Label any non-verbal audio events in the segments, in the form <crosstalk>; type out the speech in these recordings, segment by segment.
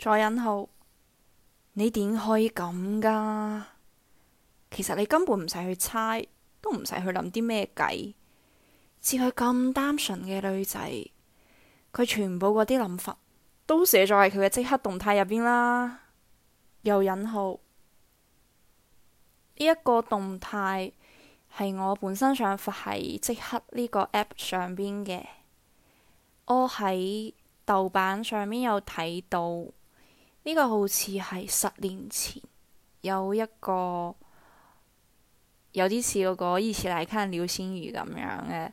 再引號，你點可以咁噶？其實你根本唔使去猜，都唔使去諗啲咩計。似佢咁單純嘅女仔，佢全部嗰啲諗法都寫咗喺佢嘅即刻動態入邊啦。又引號，呢、這、一個動態係我本身想發喺即刻呢個 app 上邊嘅。我喺豆瓣上面有睇到。呢個好似係十年前有一個有啲似嗰個伊斯卡《二次奶咖聊仙魚》咁樣嘅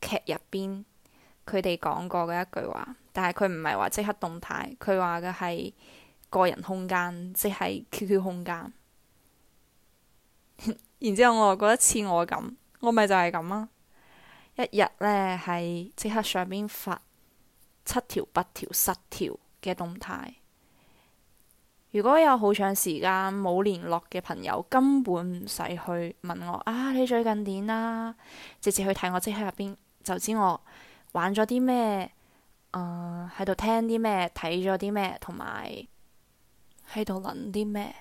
劇入邊，佢哋講過嘅一句話，但係佢唔係話即刻動態，佢話嘅係個人空間，即係 QQ 空間。 <laughs> 然之後我又覺得似我咁，我咪就係咁啊！一日咧係即刻上邊發七條、八條、十條嘅動態。如果有好長時間冇聯絡嘅朋友，根本唔使去問我啊！你最近點啦？直接去睇我即刻入邊，就知我玩咗啲咩，啊喺度聽啲咩，睇咗啲咩，同埋喺度諗啲咩。